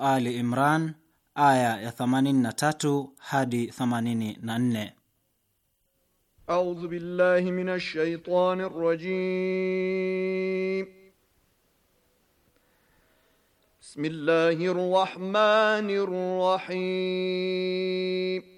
Ali Imran aya ya 83 hadi 84. A'udhu billahi minash shaitanir rajim. Bismillahir rahmanir rahim.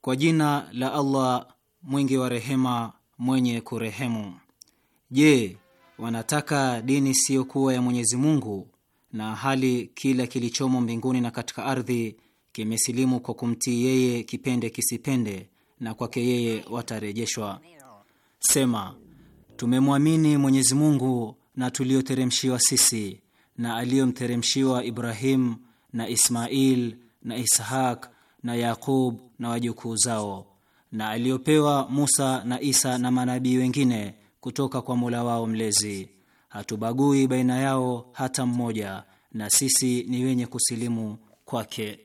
Kwa jina la Allah mwingi wa rehema mwenye kurehemu. Je, wanataka dini siyo kuwa ya Mwenyezi Mungu na hali kila kilichomo mbinguni na katika ardhi kimesilimu kwa kumtii yeye kipende kisipende, na kwake yeye watarejeshwa. Sema, tumemwamini Mwenyezi Mungu na tuliyoteremshiwa sisi na aliyomteremshiwa Ibrahim na Ismail na ishak na Yaqub na wajukuu zao na aliyopewa Musa na Isa na manabii wengine kutoka kwa Mola wao mlezi. Hatubagui baina yao hata mmoja, na sisi ni wenye kusilimu kwake.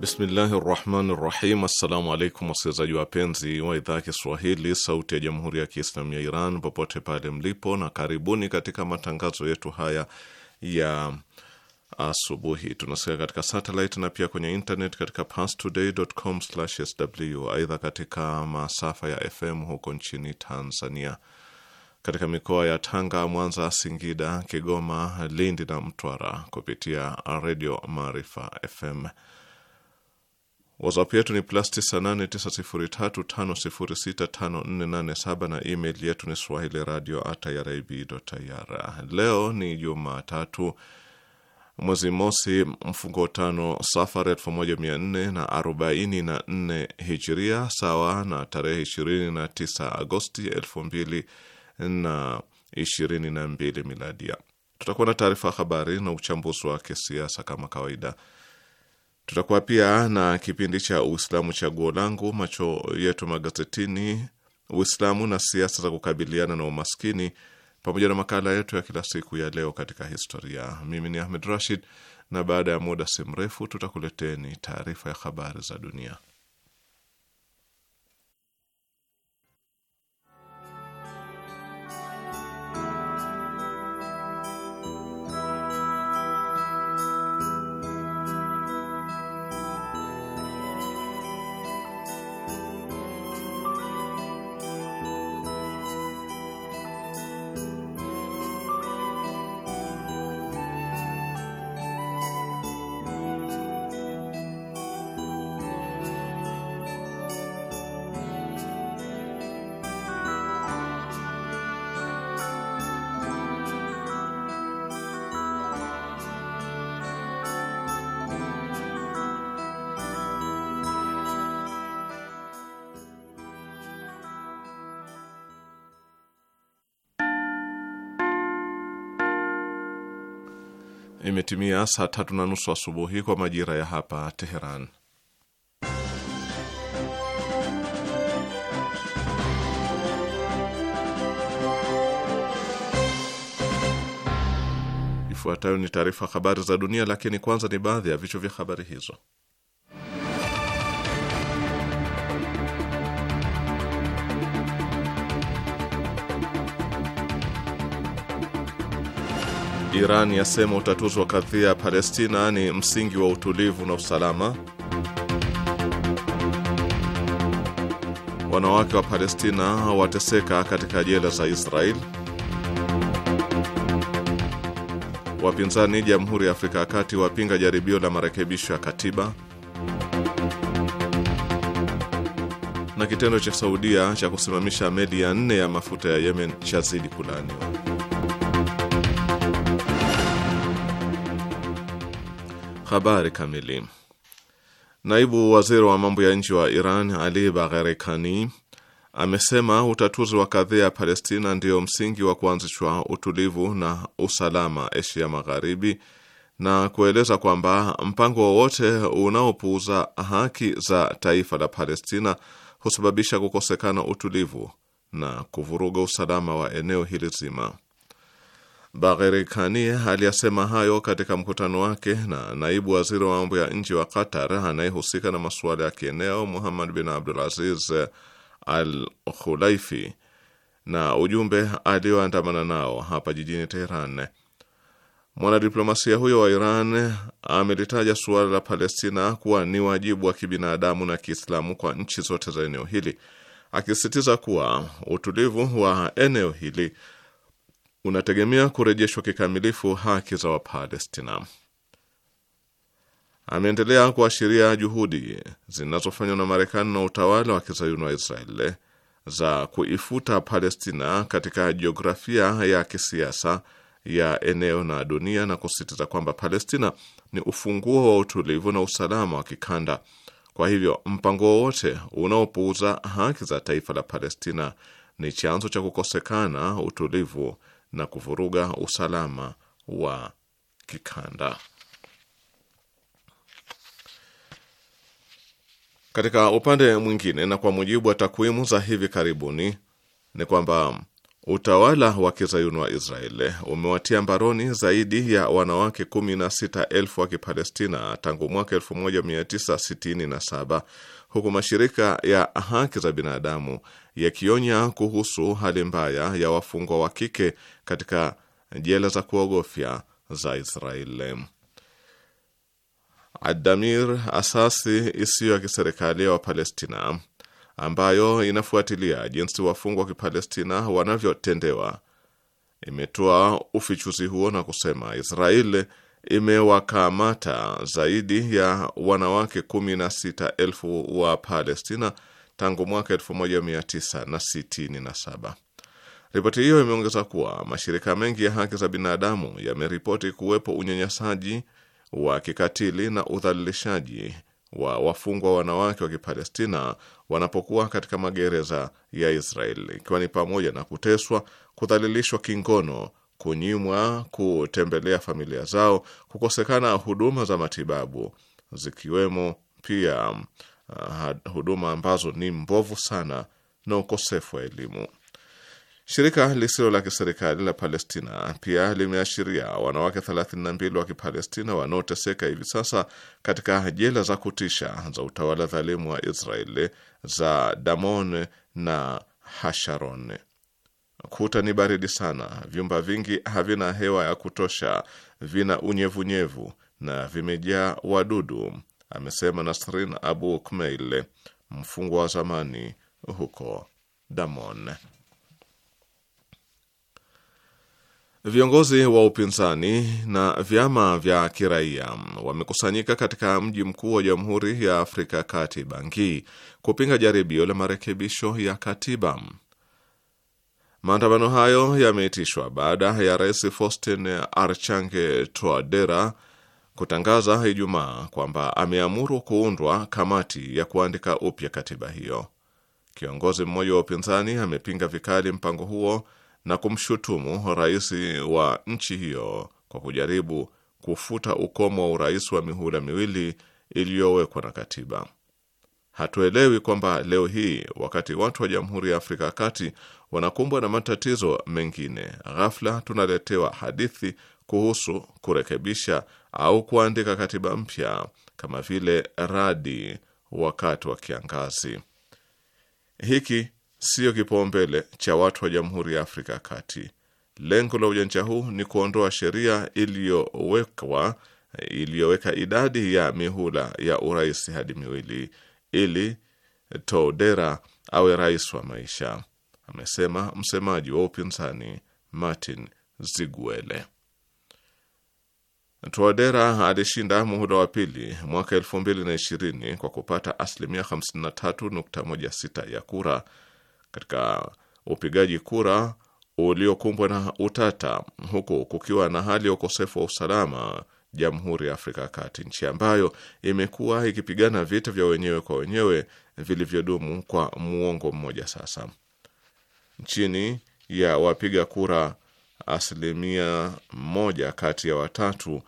Bismillahi rahmani rahim. Assalamu alaikum wasikilizaji wapenzi wa idhaa ya Kiswahili sauti ya jamhuri ya Kiislamu ya Iran popote pale mlipo, na karibuni katika matangazo yetu haya ya asubuhi. Tunasikia katika satellite na pia kwenye internet katika pastodaycom sw Aidha, katika masafa ya FM huko nchini Tanzania, katika mikoa ya Tanga, Mwanza, Singida, Kigoma, Lindi na Mtwara kupitia redio Maarifa FM. WhatsApp yetu ni plus 989035065487 na email yetu ni swahili radio irib.ir. Leo ni Jumatatu, mwezi mosi mfungo tano Safar 1444 Hijiria, sawa na tarehe 29 Agosti 2022 Miladia. Tutakuwa na taarifa habari na uchambuzi wa kisiasa kama kawaida. Tutakuwa pia na kipindi cha Uislamu chaguo langu, macho yetu magazetini, Uislamu na siasa za kukabiliana na umaskini, pamoja na makala yetu ya kila siku ya leo katika historia. Mimi ni Ahmed Rashid, na baada ya muda si mrefu tutakuleteni taarifa ya habari za dunia. imetimia saa tatu na nusu asubuhi kwa majira ya hapa Teheran. Ifuatayo ni taarifa habari za dunia, lakini kwanza ni baadhi ya vichwa vya habari hizo. Iran yasema utatuzi wa kadhia ya Palestina ni msingi wa utulivu na usalama. Wanawake wa Palestina wateseka katika jela za Israel. Wapinzani Jamhuri ya Afrika ya Kati wapinga jaribio la marekebisho ya katiba. Na kitendo cha Saudia cha kusimamisha meli ya nne ya mafuta ya Yemen chazidi kulaaniwa. Habari kamili. Naibu waziri wa mambo ya nje wa Iran Ali Bagheri Kani amesema utatuzi wa kadhia ya Palestina ndiyo msingi wa kuanzishwa utulivu na usalama Asia Magharibi na kueleza kwamba mpango wowote unaopuuza haki za taifa la Palestina husababisha kukosekana utulivu na kuvuruga usalama wa eneo hili zima. Bagherikani aliyasema hayo katika mkutano wake na naibu waziri wa mambo ya nje wa Qatar anayehusika na masuala ya kieneo Muhammad bin Abdul Aziz Al Khulaifi na ujumbe aliyoandamana nao hapa jijini Teheran. Mwanadiplomasia huyo wa Iran amelitaja suala la Palestina kuwa ni wajibu wa kibinadamu na Kiislamu kwa nchi zote za eneo hili, akisisitiza kuwa utulivu wa eneo hili unategemea kurejeshwa kikamilifu haki za Wapalestina. Ameendelea kuashiria juhudi zinazofanywa na Marekani na utawala wa kizayuni wa Israeli za kuifuta Palestina katika jiografia ya kisiasa ya eneo na dunia na kusisitiza kwamba Palestina ni ufunguo wa utulivu na usalama wa kikanda. Kwa hivyo mpango wowote unaopuuza haki za taifa la Palestina ni chanzo cha kukosekana utulivu na kuvuruga usalama wa kikanda. Katika upande mwingine, na kwa mujibu wa takwimu za hivi karibuni, ni kwamba utawala wa kizayuni wa Israeli umewatia mbaroni zaidi ya wanawake kumi wa Kipalestina tangu mwaka 1967 huku mashirika ya haki za binadamu yakionya kuhusu hali mbaya ya wafungwa wa kike katika jela za kuogofya za Israeli. Adamir, asasi isiyo ya kiserikali ya Wapalestina ambayo inafuatilia jinsi wafungwa wa Kipalestina wanavyotendewa, imetoa ufichuzi huo na kusema Israeli imewakamata zaidi ya wanawake kumi na sita elfu wa Palestina tangu mwaka 1967. Ripoti hiyo imeongeza kuwa mashirika mengi ya haki za binadamu yameripoti kuwepo unyanyasaji wa kikatili na udhalilishaji wa wafungwa wanawake wa Kipalestina wanapokuwa katika magereza ya israel ikiwa ni pamoja na kuteswa, kudhalilishwa kingono, kunyimwa kutembelea familia zao, kukosekana huduma za matibabu, zikiwemo pia uh, huduma ambazo ni mbovu sana na ukosefu wa elimu. Shirika lisilo la kiserikali la Palestina pia limeashiria wanawake 32 wa Kipalestina wanaoteseka hivi sasa katika jela za kutisha za utawala dhalimu wa Israeli za Damon na Hasharon. Kuta ni baridi sana, vyumba vingi havina hewa ya kutosha, vina unyevunyevu na vimejaa wadudu amesema Nasrin Abu Kmeil, mfungwa wa zamani huko Damon. Viongozi wa upinzani na vyama vya kiraia wamekusanyika katika mji mkuu wa Jamhuri ya Afrika Kati, Bangui, kupinga jaribio la marekebisho ya katiba. Maandamano hayo yameitishwa baada ya Rais Faustin Archange Touadera kutangaza Ijumaa kwamba ameamuru kuundwa kamati ya kuandika upya katiba hiyo. Kiongozi mmoja wa upinzani amepinga vikali mpango huo na kumshutumu rais wa nchi hiyo kwa kujaribu kufuta ukomo wa urais wa mihula miwili iliyowekwa na katiba. Hatuelewi kwamba leo hii wakati watu wa Jamhuri ya Afrika ya Kati wanakumbwa na matatizo mengine, ghafla tunaletewa hadithi kuhusu kurekebisha au kuandika katiba mpya kama vile radi wakati wa kiangazi. Hiki siyo kipaumbele cha watu wa Jamhuri ya Afrika ya Kati. Lengo la ujanja huu ni kuondoa sheria iliyowekwa iliyoweka idadi ya mihula ya urais hadi miwili ili Todera awe rais wa maisha, amesema msemaji wa upinzani Martin Ziguele. Tuodera alishinda muhula wa pili mwaka 2020 kwa kupata asilimia 53.16 ya kura katika upigaji kura uliokumbwa na utata, huku kukiwa na hali ya ukosefu wa usalama Jamhuri ya Afrika ya Kati, nchi ambayo imekuwa ikipigana vita vya wenyewe kwa wenyewe vilivyodumu kwa muongo mmoja sasa. Chini ya wapiga kura asilimia moja kati ya watatu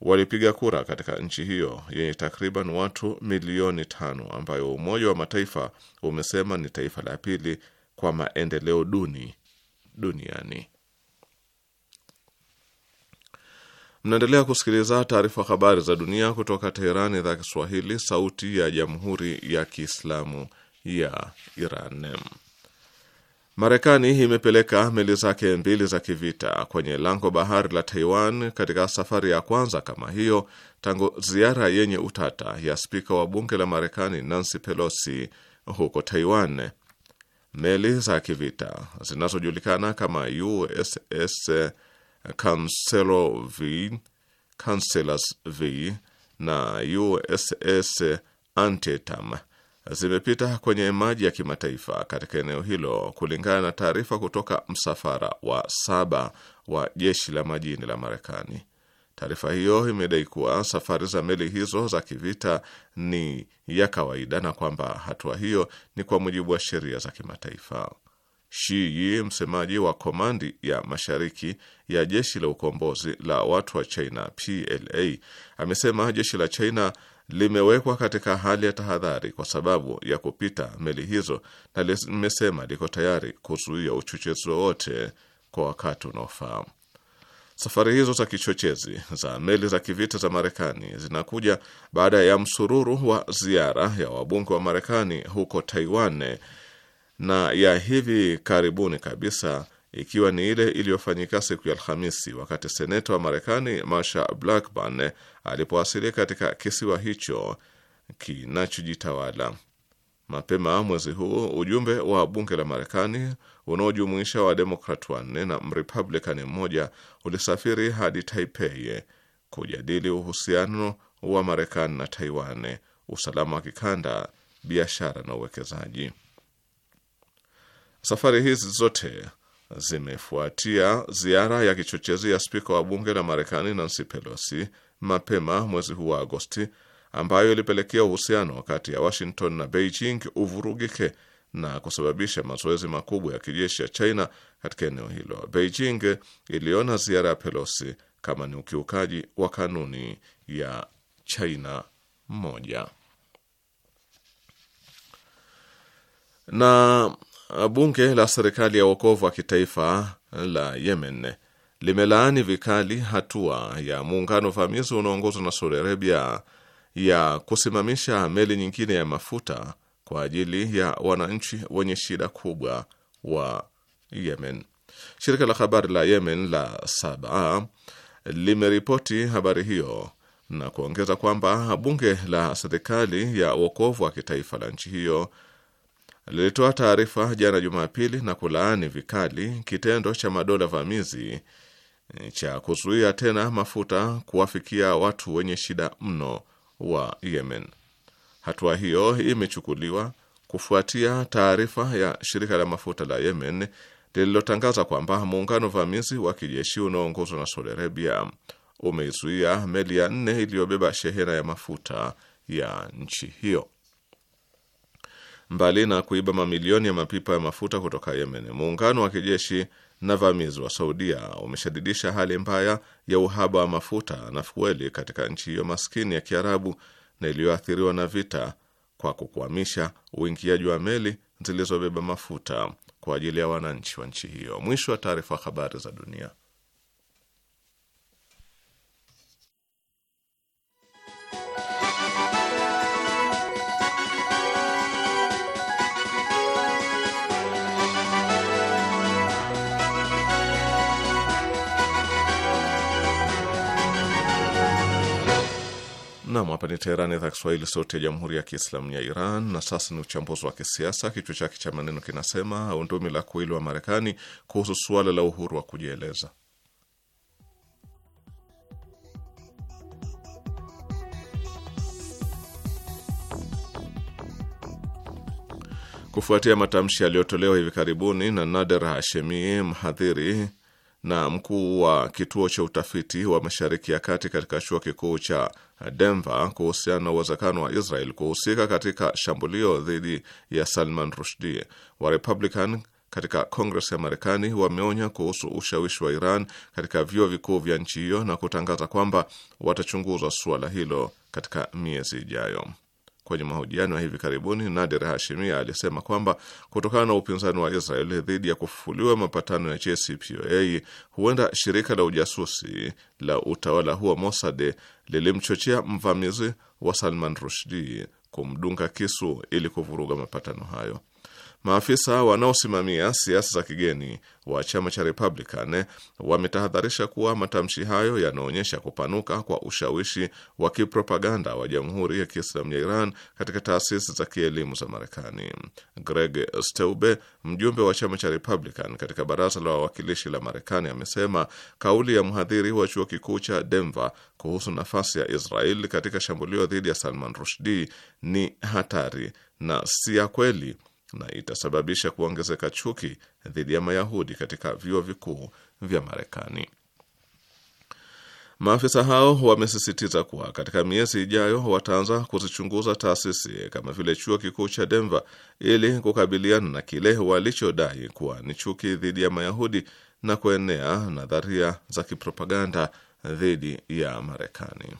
walipiga kura katika nchi hiyo yenye takriban watu milioni tano ambayo Umoja wa Mataifa umesema ni taifa la pili kwa maendeleo duni duniani. Mnaendelea kusikiliza taarifa habari za dunia kutoka Teherani, idhaa Kiswahili, sauti ya jamhuri ya kiislamu ya Iran. Marekani imepeleka meli zake mbili za kivita kwenye lango bahari la Taiwan katika safari ya kwanza kama hiyo tangu ziara yenye utata ya spika wa bunge la Marekani Nancy Pelosi huko Taiwan. Meli za kivita zinazojulikana kama USS Cancelos V na USS Antietam zimepita kwenye maji ya kimataifa katika eneo hilo, kulingana na taarifa kutoka msafara wa saba wa jeshi la majini la Marekani. Taarifa hiyo imedai kuwa safari za meli hizo za kivita ni ya kawaida na kwamba hatua hiyo ni kwa mujibu wa sheria za kimataifa. Shi msemaji wa komandi ya mashariki ya jeshi la ukombozi la watu wa China PLA amesema jeshi la China limewekwa katika hali ya tahadhari kwa sababu ya kupita meli hizo na limesema liko tayari kuzuia uchochezi wowote kwa wakati unaofaa. Safari hizo za kichochezi za meli za kivita za Marekani zinakuja baada ya msururu wa ziara ya wabunge wa Marekani huko Taiwan na ya hivi karibuni kabisa ikiwa ni ile iliyofanyika siku ya Alhamisi wakati seneta wa Marekani Marsha Blackburn alipowasili katika kisiwa hicho kinachojitawala. Mapema mwezi huu ujumbe wa bunge la Marekani unaojumuisha wademokrat wanne na Mrepublican mmoja ulisafiri hadi Taipei kujadili uhusiano wa Marekani na Taiwan, usalama wa kikanda, biashara na uwekezaji. Safari hizi zote zimefuatia ziara ya kichochezi ya spika wa bunge la Marekani Nancy Pelosi mapema mwezi huu wa Agosti, ambayo ilipelekea uhusiano kati ya Washington na Beijing uvurugike na kusababisha mazoezi makubwa ya kijeshi ya China katika eneo hilo. Beijing iliona ziara ya Pelosi kama ni ukiukaji wa kanuni ya China moja na Bunge la serikali ya uokovu wa kitaifa la Yemen limelaani vikali hatua ya muungano vamizi unaoongozwa na Saudi Arabia ya kusimamisha meli nyingine ya mafuta kwa ajili ya wananchi wenye shida kubwa wa Yemen. Shirika la habari la Yemen la Saba limeripoti habari hiyo na kuongeza kwamba bunge la serikali ya uokovu wa kitaifa la nchi hiyo lilitoa taarifa jana Jumapili na kulaani vikali kitendo cha madola vamizi e, cha kuzuia tena mafuta kuwafikia watu wenye shida mno wa Yemen. Hatua hiyo imechukuliwa kufuatia taarifa ya shirika la mafuta la Yemen lililotangaza kwamba muungano vamizi wa kijeshi unaoongozwa na Saudi Arabia umeizuia meli ya nne iliyobeba shehena ya mafuta ya nchi hiyo. Mbali na kuiba mamilioni ya mapipa ya mafuta kutoka Yemen, muungano wa kijeshi na vamizi wa Saudia umeshadidisha hali mbaya ya uhaba wa mafuta na fueli katika nchi hiyo maskini ya Kiarabu na iliyoathiriwa na vita kwa kukwamisha uingiaji wa meli zilizobeba mafuta kwa ajili ya wananchi wa nchi hiyo. Mwisho wa taarifa. Habari za dunia. Nam, hapa ni Teherani, idhaa Kiswahili, sauti ya jamhuri ya kiislamu ya Iran. Na sasa ni uchambuzi wa kisiasa, kichwa chake cha maneno kinasema undumi la kuili wa Marekani kuhusu suala la uhuru wa kujieleza. Kufuatia matamshi yaliyotolewa hivi karibuni na Nader Hashemi, mhadhiri na mkuu wa kituo cha utafiti wa Mashariki ya Kati katika chuo kikuu cha Denver kuhusiana na uwezekano wa Israel kuhusika katika shambulio dhidi ya Salman Rushdie. Wa Republican katika Kongres ya Marekani wameonya kuhusu ushawishi wa Iran katika vyuo vikuu vya nchi hiyo na kutangaza kwamba watachunguza suala hilo katika miezi ijayo. Kwenye mahojiano ya hivi karibuni, Nader Hashimia alisema kwamba kutokana na upinzani wa Israeli dhidi ya kufufuliwa mapatano ya JCPOA huenda shirika la ujasusi la utawala huo Mossad lilimchochea mvamizi wa Salman Rushdie kumdunga kisu ili kuvuruga mapatano hayo. Maafisa wanaosimamia siasa za kigeni wa chama cha Republican wametahadharisha kuwa matamshi hayo yanaonyesha kupanuka kwa ushawishi wa kipropaganda wa Jamhuri ya Kiislamu ya Iran katika taasisi za kielimu za Marekani. Greg Steube, mjumbe wa chama cha Republican katika baraza la wawakilishi la Marekani, amesema kauli ya mhadhiri wa chuo kikuu cha Denver kuhusu nafasi ya Israel katika shambulio dhidi ya Salman Rushdie ni hatari na si ya kweli na itasababisha kuongezeka chuki dhidi ya Mayahudi katika vyuo vikuu vya Marekani. Maafisa hao wamesisitiza kuwa katika miezi ijayo wataanza kuzichunguza taasisi kama vile chuo kikuu cha Denver ili kukabiliana na kile walichodai kuwa ni chuki dhidi ya Mayahudi na kuenea nadharia za kipropaganda dhidi ya Marekani.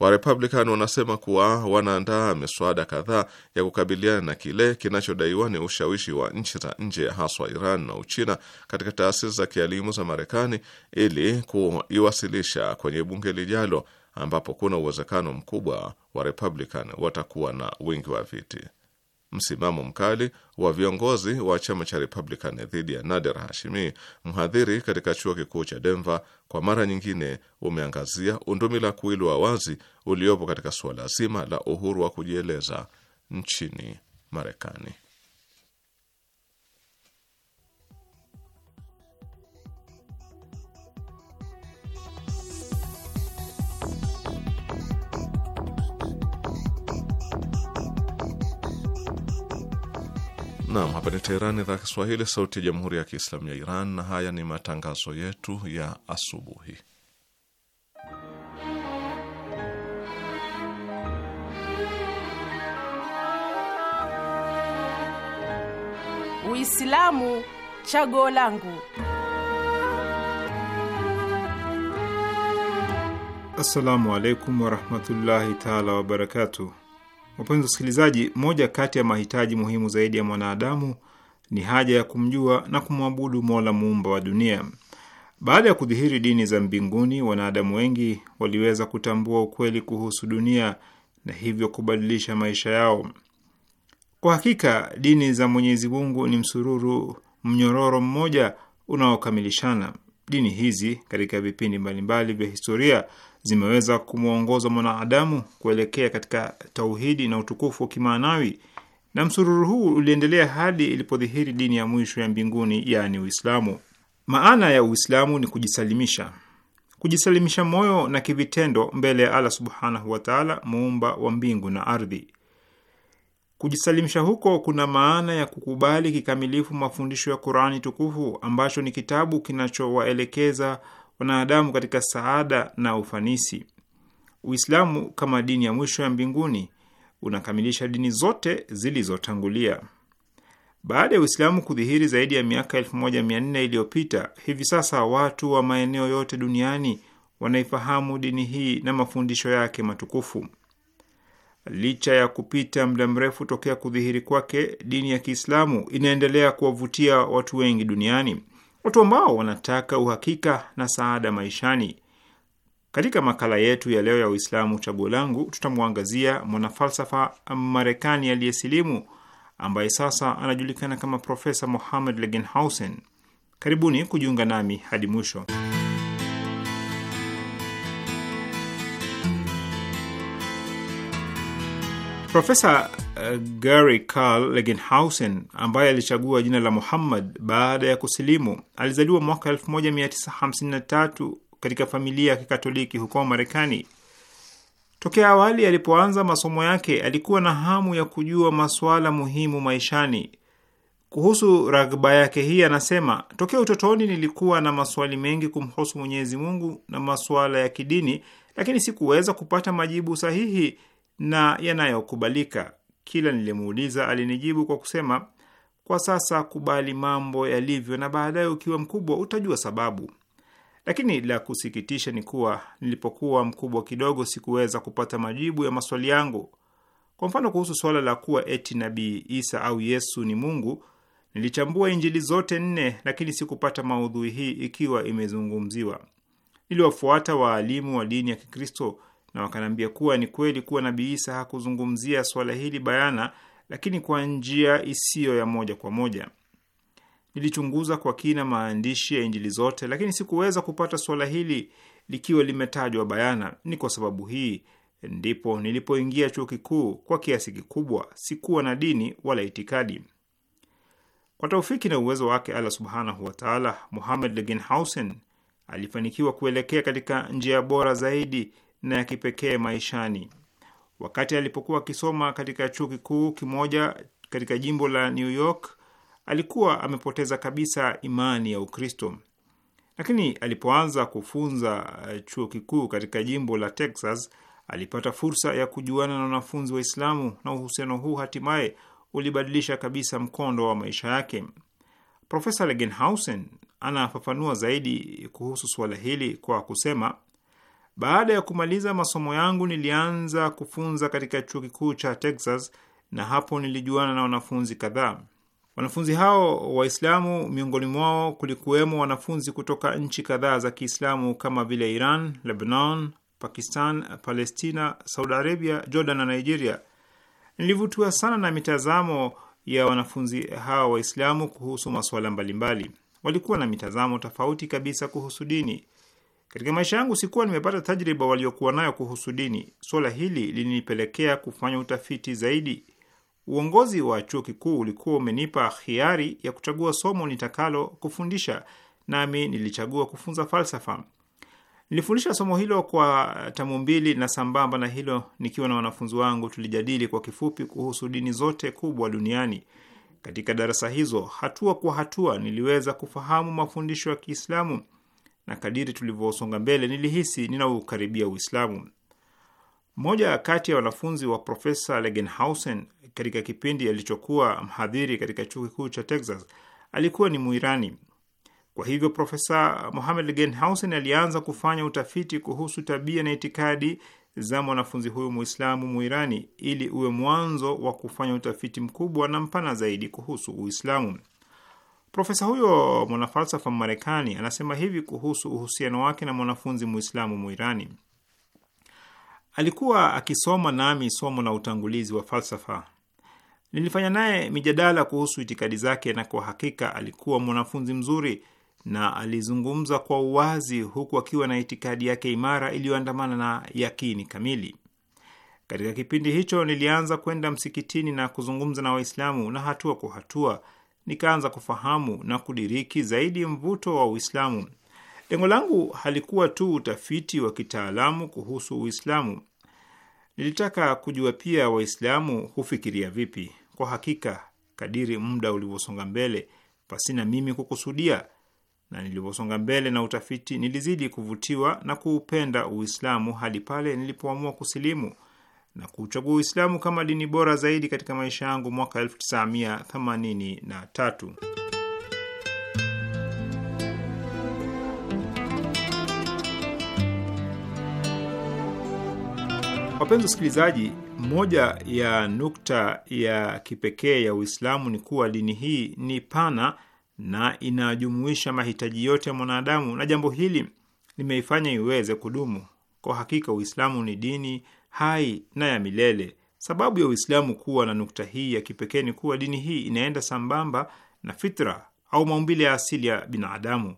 Warepublican wanasema kuwa wanaandaa miswada kadhaa ya kukabiliana na kile kinachodaiwa ni ushawishi wa nchi za nje haswa Iran na Uchina katika taasisi za kielimu za Marekani ili kuiwasilisha kwenye bunge lijalo ambapo kuna uwezekano mkubwa wa Republican watakuwa na wingi wa viti msimamo mkali wa viongozi wa chama cha Republican dhidi ya Nader Hashimi, mhadhiri katika chuo kikuu cha Denver, kwa mara nyingine umeangazia undumi la kuili wa wazi uliopo katika suala zima la uhuru wa kujieleza nchini Marekani. Naam, hapa ni Teherani, idhaa Kiswahili, sauti ya jamhuri ya kiislamu ya Iran, na haya ni matangazo yetu ya asubuhi. Uislamu chaguo langu. Assalamu alaikum warahmatullahi taala wabarakatuh. Wapenzi wasikilizaji, moja kati ya mahitaji muhimu zaidi ya mwanadamu ni haja ya kumjua na kumwabudu Mola muumba wa dunia. Baada ya kudhihiri dini za mbinguni, wanadamu wengi waliweza kutambua ukweli kuhusu dunia na hivyo kubadilisha maisha yao. Kwa hakika dini za Mwenyezi Mungu ni msururu, mnyororo mmoja unaokamilishana. Dini hizi katika vipindi mbalimbali vya historia zimeweza kumwongoza mwanadamu kuelekea katika tauhidi na utukufu wa kimaanawi, na msururu huu uliendelea hadi ilipodhihiri dini ya mwisho ya mbinguni, yaani Uislamu. Maana ya Uislamu ni kujisalimisha, kujisalimisha moyo na kivitendo mbele ya Allah subhanahu wataala, muumba wa mbingu na ardhi. Kujisalimisha huko kuna maana ya kukubali kikamilifu mafundisho ya Qurani tukufu ambacho ni kitabu kinachowaelekeza wanadamu katika saada na ufanisi. Uislamu kama dini ya mwisho ya mbinguni unakamilisha dini zote zilizotangulia. Baada ya Uislamu kudhihiri zaidi ya miaka 14 iliyopita, hivi sasa watu wa maeneo yote duniani wanaifahamu dini hii na mafundisho yake matukufu. Licha ya kupita muda mrefu tokea kudhihiri kwake, dini ya Kiislamu inaendelea kuwavutia watu wengi duniani watu ambao wanataka uhakika na saada maishani. Katika makala yetu ya leo ya Uislamu chaguo langu, tutamwangazia mwanafalsafa Marekani aliyesilimu ambaye sasa anajulikana kama Profesa Mohammed Legenhausen. Karibuni kujiunga nami hadi mwisho. Profesa uh, Gary Carl Legenhausen ambaye alichagua jina la Muhammad baada ya kusilimu alizaliwa mwaka 1953 katika familia ya Kikatoliki huko Marekani. Tokea awali alipoanza masomo yake alikuwa na hamu ya kujua masuala muhimu maishani. Kuhusu ragba yake hii anasema, tokea utotoni nilikuwa na maswali mengi kumhusu Mwenyezi Mungu na masuala ya kidini, lakini sikuweza kupata majibu sahihi na yanayokubalika. Kila nilimuuliza alinijibu kwa kusema, kwa sasa kubali mambo yalivyo, na baadaye ukiwa mkubwa utajua sababu. Lakini la kusikitisha ni kuwa nilipokuwa mkubwa kidogo, sikuweza kupata majibu ya maswali yangu. Kwa mfano, kuhusu suala la kuwa eti Nabii Isa au Yesu ni Mungu, nilichambua Injili zote nne, lakini sikupata maudhui hii ikiwa imezungumziwa. Niliwafuata waalimu wa dini ya Kikristo na wakaniambia kuwa ni kweli kuwa Nabii Isa hakuzungumzia swala hili bayana, lakini kwa njia isiyo ya moja kwa moja. Nilichunguza kwa kina maandishi ya Injili zote, lakini sikuweza kupata swala hili likiwa limetajwa bayana. Ni kwa sababu hii ndipo nilipoingia chuo kikuu. Kwa kiasi kikubwa sikuwa na dini wala itikadi. Kwa taufiki na uwezo wake Allah subhanahu wataala, Muhammad Legenhausen alifanikiwa kuelekea katika njia bora zaidi na ya kipekee maishani. Wakati alipokuwa akisoma katika chuo kikuu kimoja katika jimbo la New York, alikuwa amepoteza kabisa imani ya Ukristo, lakini alipoanza kufunza eh, chuo kikuu katika jimbo la Texas, alipata fursa ya kujuana na wanafunzi Waislamu, na uhusiano huu hatimaye ulibadilisha kabisa mkondo wa maisha yake. Profesa Legenhausen anafafanua zaidi kuhusu suala hili kwa kusema baada ya kumaliza masomo yangu, nilianza kufunza katika chuo kikuu cha Texas na hapo nilijuana na wanafunzi kadhaa. Wanafunzi hao Waislamu, miongoni mwao kulikuwemo wanafunzi kutoka nchi kadhaa za Kiislamu kama vile Iran, Lebanon, Pakistan, Palestina, Saudi Arabia, Jordan na Nigeria. Nilivutiwa sana na mitazamo ya wanafunzi hawa Waislamu kuhusu masuala mbalimbali. Walikuwa na mitazamo tofauti kabisa kuhusu dini. Katika maisha yangu sikuwa nimepata tajriba waliokuwa nayo kuhusu dini. Suala hili lilinipelekea kufanya utafiti zaidi. Uongozi wa chuo kikuu ulikuwa umenipa hiari ya kuchagua somo nitakalo kufundisha, nami nilichagua kufunza falsafa. Nilifundisha somo hilo kwa tamu mbili, na sambamba na hilo, nikiwa na wanafunzi wangu, tulijadili kwa kifupi kuhusu dini zote kubwa duniani. Katika darasa hizo, hatua kwa hatua, niliweza kufahamu mafundisho ya Kiislamu na kadiri tulivyosonga mbele nilihisi ninaukaribia Uislamu. Mmoja kati ya wanafunzi wa Profesa Legenhausen katika kipindi alichokuwa mhadhiri katika chuo kikuu cha Texas alikuwa ni Mwirani. Kwa hivyo, Profesa Mohamed Legenhausen alianza kufanya utafiti kuhusu tabia na itikadi za mwanafunzi huyu Muislamu Mwirani ili uwe mwanzo wa kufanya utafiti mkubwa na mpana zaidi kuhusu Uislamu. Profesa huyo mwanafalsafa marekani anasema hivi kuhusu uhusiano wake na mwanafunzi Muislamu Muirani: alikuwa akisoma nami somo la utangulizi wa falsafa. Nilifanya naye mijadala kuhusu itikadi zake, na kwa hakika alikuwa mwanafunzi mzuri na alizungumza kwa uwazi, huku akiwa na itikadi yake imara iliyoandamana na yakini kamili. Katika kipindi hicho nilianza kwenda msikitini na kuzungumza na Waislamu, na hatua kwa hatua nikaanza kufahamu na kudiriki zaidi mvuto wa Uislamu. Lengo langu halikuwa tu utafiti wa kitaalamu kuhusu Uislamu. Nilitaka kujua pia Waislamu hufikiria vipi. Kwa hakika, kadiri muda ulivyosonga mbele, pasina mimi kukusudia, na nilivyosonga mbele na utafiti, nilizidi kuvutiwa na kuupenda Uislamu hadi pale nilipoamua kusilimu na kuchagua Uislamu kama dini bora zaidi katika maisha yangu mwaka 1983. Wapenzi wasikilizaji, moja ya nukta ya kipekee ya Uislamu ni kuwa dini hii ni pana na inajumuisha mahitaji yote ya mwanadamu, na jambo hili limeifanya iweze kudumu. Kwa hakika Uislamu ni dini hai na ya milele. Sababu ya Uislamu kuwa na nukta hii ya kipekee ni kuwa dini hii inaenda sambamba na fitra au maumbile ya asili ya binadamu.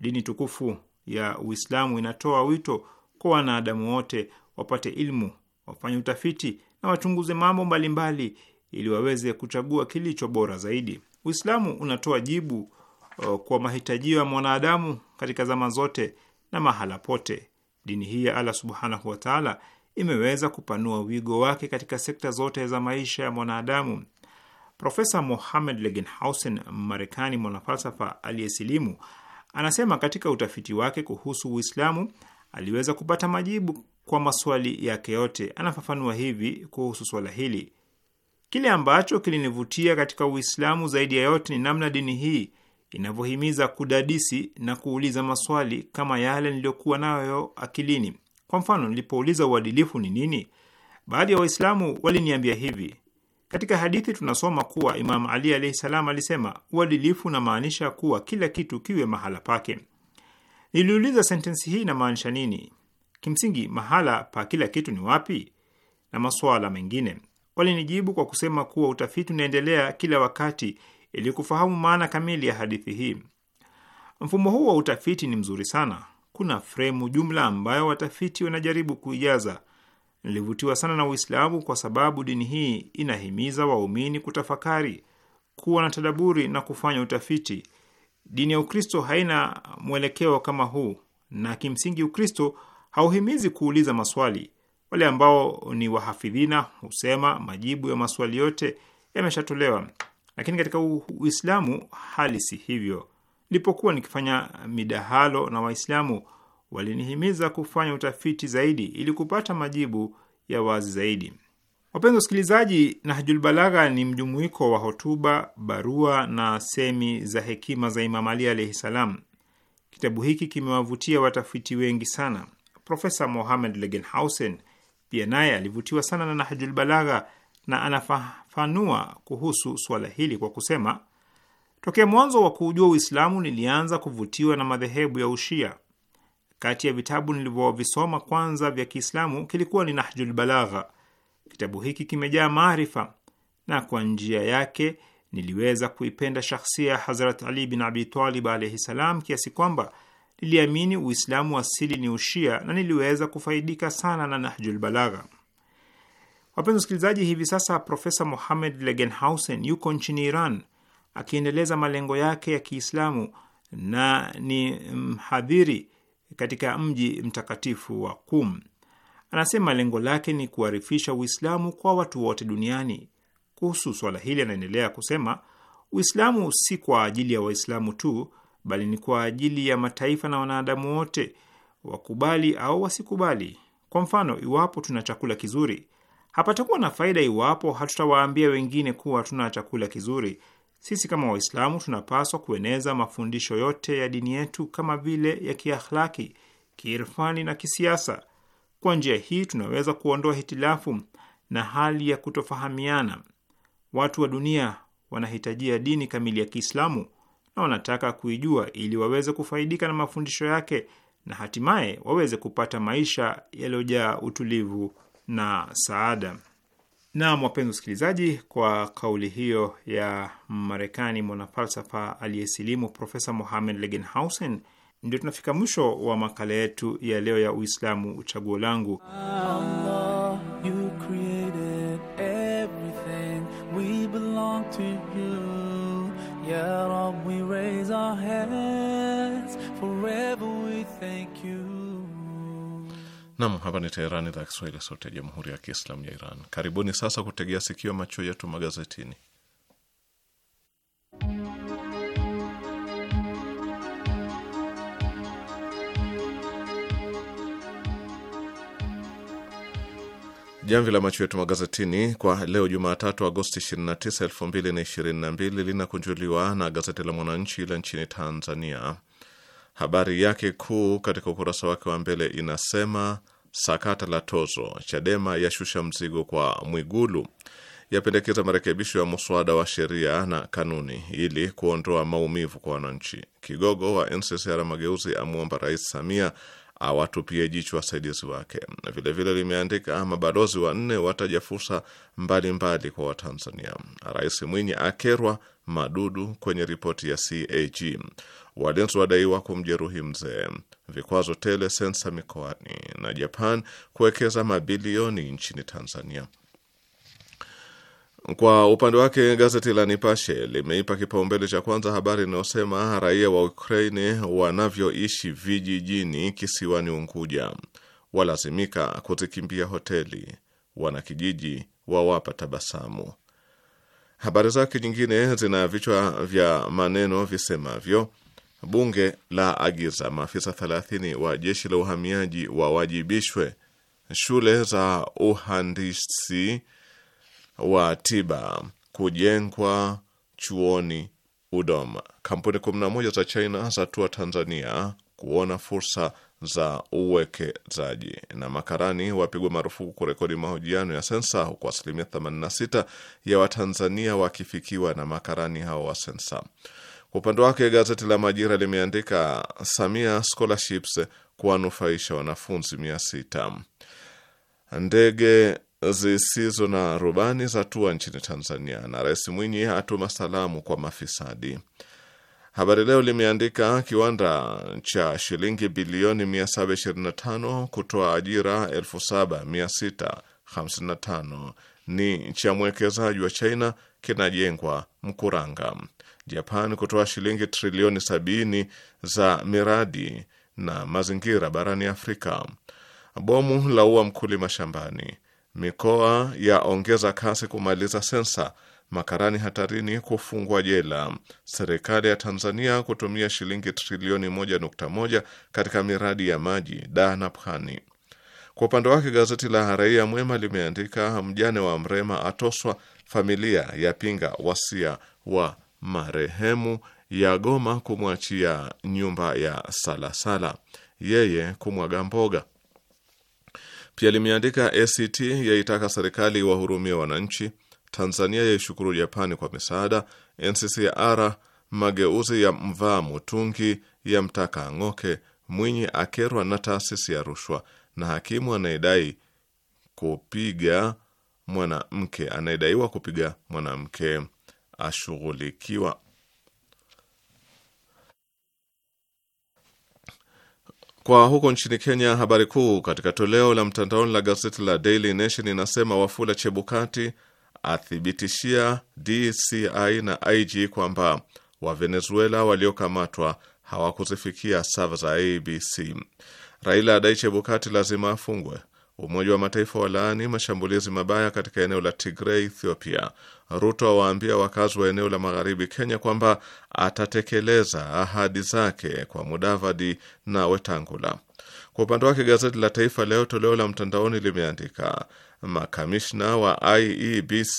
Dini tukufu ya Uislamu inatoa wito kwa wanadamu wote wapate ilmu, wafanye utafiti na wachunguze mambo mbalimbali ili waweze kuchagua kilicho bora zaidi. Uislamu unatoa jibu uh, kwa mahitajio ya mwanadamu katika zama zote na mahala pote. Dini hii ya Allah subhanahu wataala imeweza kupanua wigo wake katika sekta zote za maisha ya mwanadamu. Profesa Mohamed Legenhausen, Marekani, mwanafalsafa aliyesilimu, anasema katika utafiti wake kuhusu Uislamu aliweza kupata majibu kwa maswali yake yote. Anafafanua hivi kuhusu swala hili: kile ambacho kilinivutia katika Uislamu zaidi ya yote ni namna dini hii inavyohimiza kudadisi na kuuliza maswali kama yale niliyokuwa nayo akilini. Kwa mfano, nilipouliza uadilifu ni nini, baadhi ya Waislamu waliniambia hivi: katika hadithi tunasoma kuwa Imam Ali alaihi salam alisema, uadilifu unamaanisha kuwa kila kitu kiwe mahala pake. Niliuliza, sentensi hii inamaanisha nini? Kimsingi, mahala pa kila kitu ni wapi? na masuala mengine. Walinijibu kwa kusema kuwa utafiti unaendelea kila wakati ili kufahamu maana kamili ya hadithi hii. Mfumo huu wa utafiti ni mzuri sana kuna fremu jumla ambayo watafiti wanajaribu kuijaza. Nilivutiwa sana na Uislamu kwa sababu dini hii inahimiza waumini kutafakari, kuwa na tadaburi na kufanya utafiti. Dini ya Ukristo haina mwelekeo kama huu, na kimsingi Ukristo hauhimizi kuuliza maswali. Wale ambao ni wahafidhina husema majibu ya maswali yote yameshatolewa, lakini katika Uislamu hali si hivyo. Nilipokuwa nikifanya midahalo na Waislamu, walinihimiza kufanya utafiti zaidi ili kupata majibu ya wazi zaidi. Wapenzi wasikilizaji, Nahjul Balagha ni mjumuiko wa hotuba, barua na semi za hekima za Imam Ali alaihi salam. Kitabu hiki kimewavutia watafiti wengi sana. Profesa Mohamed Legenhausen pia naye alivutiwa sana na Nahjul Balagha na anafafanua kuhusu suala hili kwa kusema Tokea mwanzo wa kuujua Uislamu nilianza kuvutiwa na madhehebu ya Ushia. Kati ya vitabu nilivyovisoma kwanza vya Kiislamu kilikuwa ni Nahjul Balagha. Kitabu hiki kimejaa maarifa na kwa njia yake niliweza kuipenda shakhsia ya Hazrat Ali bin Abi Talib alaihi salam, kiasi kwamba niliamini Uislamu asili ni Ushia na niliweza kufaidika sana na Nahjul Balagha. Wapenzi wasikilizaji, hivi sasa Profesa muhamed Legenhausen yuko nchini Iran akiendeleza malengo yake ya Kiislamu na ni mhadhiri katika mji mtakatifu wa Qum. Anasema lengo lake ni kuarifisha Uislamu kwa watu wote duniani. Kuhusu swala hili, anaendelea kusema Uislamu si kwa ajili ya Waislamu tu, bali ni kwa ajili ya mataifa na wanadamu wote, wakubali au wasikubali. Kwa mfano, iwapo tuna chakula kizuri, hapatakuwa na faida iwapo hatutawaambia wengine kuwa tuna chakula kizuri, sisi kama Waislamu tunapaswa kueneza mafundisho yote ya dini yetu kama vile ya kiakhlaki, kiirfani na kisiasa. Kwa njia hii tunaweza kuondoa hitilafu na hali ya kutofahamiana. Watu wa dunia wanahitajia dini kamili ya Kiislamu na wanataka kuijua ili waweze kufaidika na mafundisho yake na hatimaye waweze kupata maisha yaliyojaa utulivu na saada. Naam, wapenzi wasikilizaji, kwa kauli hiyo ya Marekani mwanafalsafa aliyesilimu Profesa Mohamed Legenhausen, ndio tunafika mwisho wa makala yetu ya leo ya Uislamu Chaguo Langu. forever we thank you. Nam, hapa ni Teherani, idhaa ya Kiswahili, sauti ya jamhuri ya kiislamu ya Iran. Karibuni sasa kutegea sikio, macho yetu magazetini. Jamvi la macho yetu magazetini kwa leo Jumatatu, Agosti 29, 2022 linakunjuliwa na gazeti la Mwananchi la nchini Tanzania Habari yake kuu katika ukurasa wake wa mbele inasema sakata la tozo, Chadema yashusha mzigo kwa Mwigulu, yapendekeza marekebisho ya muswada wa sheria na kanuni ili kuondoa maumivu kwa wananchi. Kigogo wa NCCR Mageuzi amwomba Rais Samia awatupie jicho wasaidizi wake. Vilevile limeandika mabalozi wanne wataja fursa mbalimbali kwa Watanzania. Rais Mwinyi akerwa madudu kwenye ripoti ya CAG. Walinzi wadaiwa kumjeruhi mzee, vikwazo tele sensa mikoani, na Japan kuwekeza mabilioni nchini Tanzania. Kwa upande wake gazeti la Nipashe limeipa kipaumbele cha kwanza habari inayosema raia wa Ukraini wanavyoishi vijijini kisiwani Unguja, walazimika kuzikimbia hoteli, wanakijiji wawapa tabasamu. Habari zake nyingine zina vichwa vya maneno visemavyo Bunge la agiza maafisa 30 wa jeshi la uhamiaji wawajibishwe. Shule za uhandisi wa tiba kujengwa chuoni Udoma. Kampuni 11 za China zatua Tanzania kuona fursa za uwekezaji. Na makarani wapigwa marufuku kurekodi mahojiano ya sensa, huku asilimia 86 ya Watanzania wakifikiwa na makarani hao wa sensa. Kwa upande wake gazeti la Majira limeandika Samia scholarships kuwanufaisha wanafunzi mia sita. Ndege zisizo na rubani za tua nchini Tanzania na Rais Mwinyi atuma salamu kwa mafisadi. Habari Leo limeandika kiwanda cha shilingi bilioni 725 kutoa ajira 7655 ni cha mwekezaji wa China kinajengwa Mkuranga. Japan kutoa shilingi trilioni sabini za miradi na mazingira barani Afrika. Bomu la ua mkulima shambani. Mikoa ya ongeza kasi kumaliza sensa. Makarani hatarini kufungwa jela. Serikali ya Tanzania kutumia shilingi trilioni moja nukta moja katika miradi ya maji da na pwani. Kwa upande wake gazeti la Raia Mwema limeandika mjane wa Mrema atoswa, familia yapinga wasia wa marehemu yagoma kumwachia nyumba ya Salasala, yeye kumwaga mboga. Pia limeandika ACT yaitaka serikali iwahurumie wananchi, Tanzania yaishukuru Japani kwa misaada, NCCR mageuzi ya mvaa Mutungi ya mtaka ang'oke, Mwinyi akerwa na taasisi ya rushwa, na hakimu anayedai kupiga mwanamke anayedaiwa kupiga mwanamke ashughulikiwa. Kwa huko nchini Kenya, habari kuu katika toleo la mtandaoni la gazeti la Daily Nation inasema Wafula Chebukati athibitishia DCI na IG kwamba Wavenezuela waliokamatwa hawakuzifikia safa za ABC. Raila adai Chebukati lazima afungwe. Umoja wa Mataifa walaani mashambulizi mabaya katika eneo la Tigray, Ethiopia. Ruto awaambia wakazi wa eneo la magharibi Kenya kwamba atatekeleza ahadi zake kwa Mudavadi na Wetangula. Kwa upande wake gazeti la Taifa Leo toleo la mtandaoni limeandika makamishna wa IEBC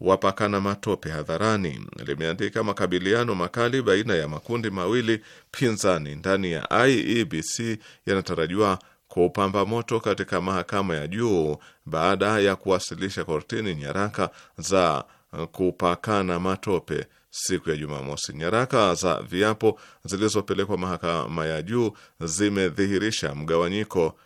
wapakana matope hadharani. Limeandika makabiliano makali baina ya makundi mawili pinzani ndani ya IEBC yanatarajiwa kupamba moto katika mahakama ya juu baada ya kuwasilisha kortini nyaraka za kupakana matope siku ya Jumamosi. Nyaraka za viapo zilizopelekwa mahakama ya juu zimedhihirisha mgawanyiko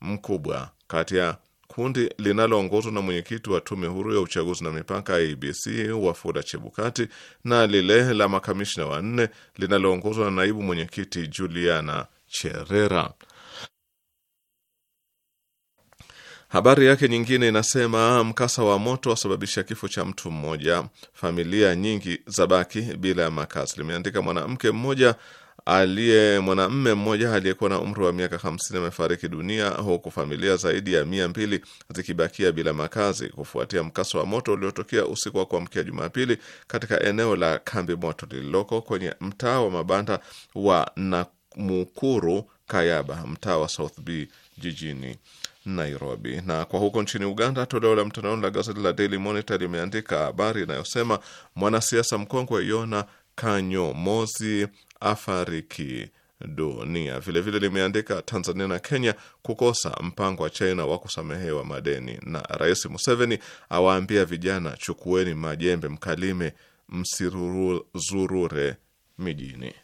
mkubwa kati ya kundi linaloongozwa na mwenyekiti wa tume huru ya uchaguzi na mipaka wa Wafula Chebukati na lile la makamishna wanne linaloongozwa na naibu mwenyekiti Juliana Cherera. Habari yake nyingine inasema mkasa wa moto wasababisha kifo cha mtu mmoja, familia nyingi zabaki bila ya makazi. Limeandika mwanamke mmoja aliye mwanamme mmoja aliyekuwa na umri wa miaka hamsini amefariki dunia huku familia zaidi ya mia mbili zikibakia bila makazi kufuatia mkasa wa moto uliotokea usiku wa kuamkia Jumapili katika eneo la kambi moto lililoko kwenye mtaa wa mabanda wa Namukuru Kayaba, mtaa wa South B jijini Nairobi. Na kwa huko nchini Uganda, toleo la mtandaoni la gazeti la Daily Monitor limeandika habari inayosema mwanasiasa mkongwe Yona Kanyomozi afariki dunia. Vilevile limeandika Tanzania na Kenya kukosa mpango wa China wa kusamehewa madeni, na Rais Museveni awaambia vijana, chukueni majembe mkalime, msizurure mijini.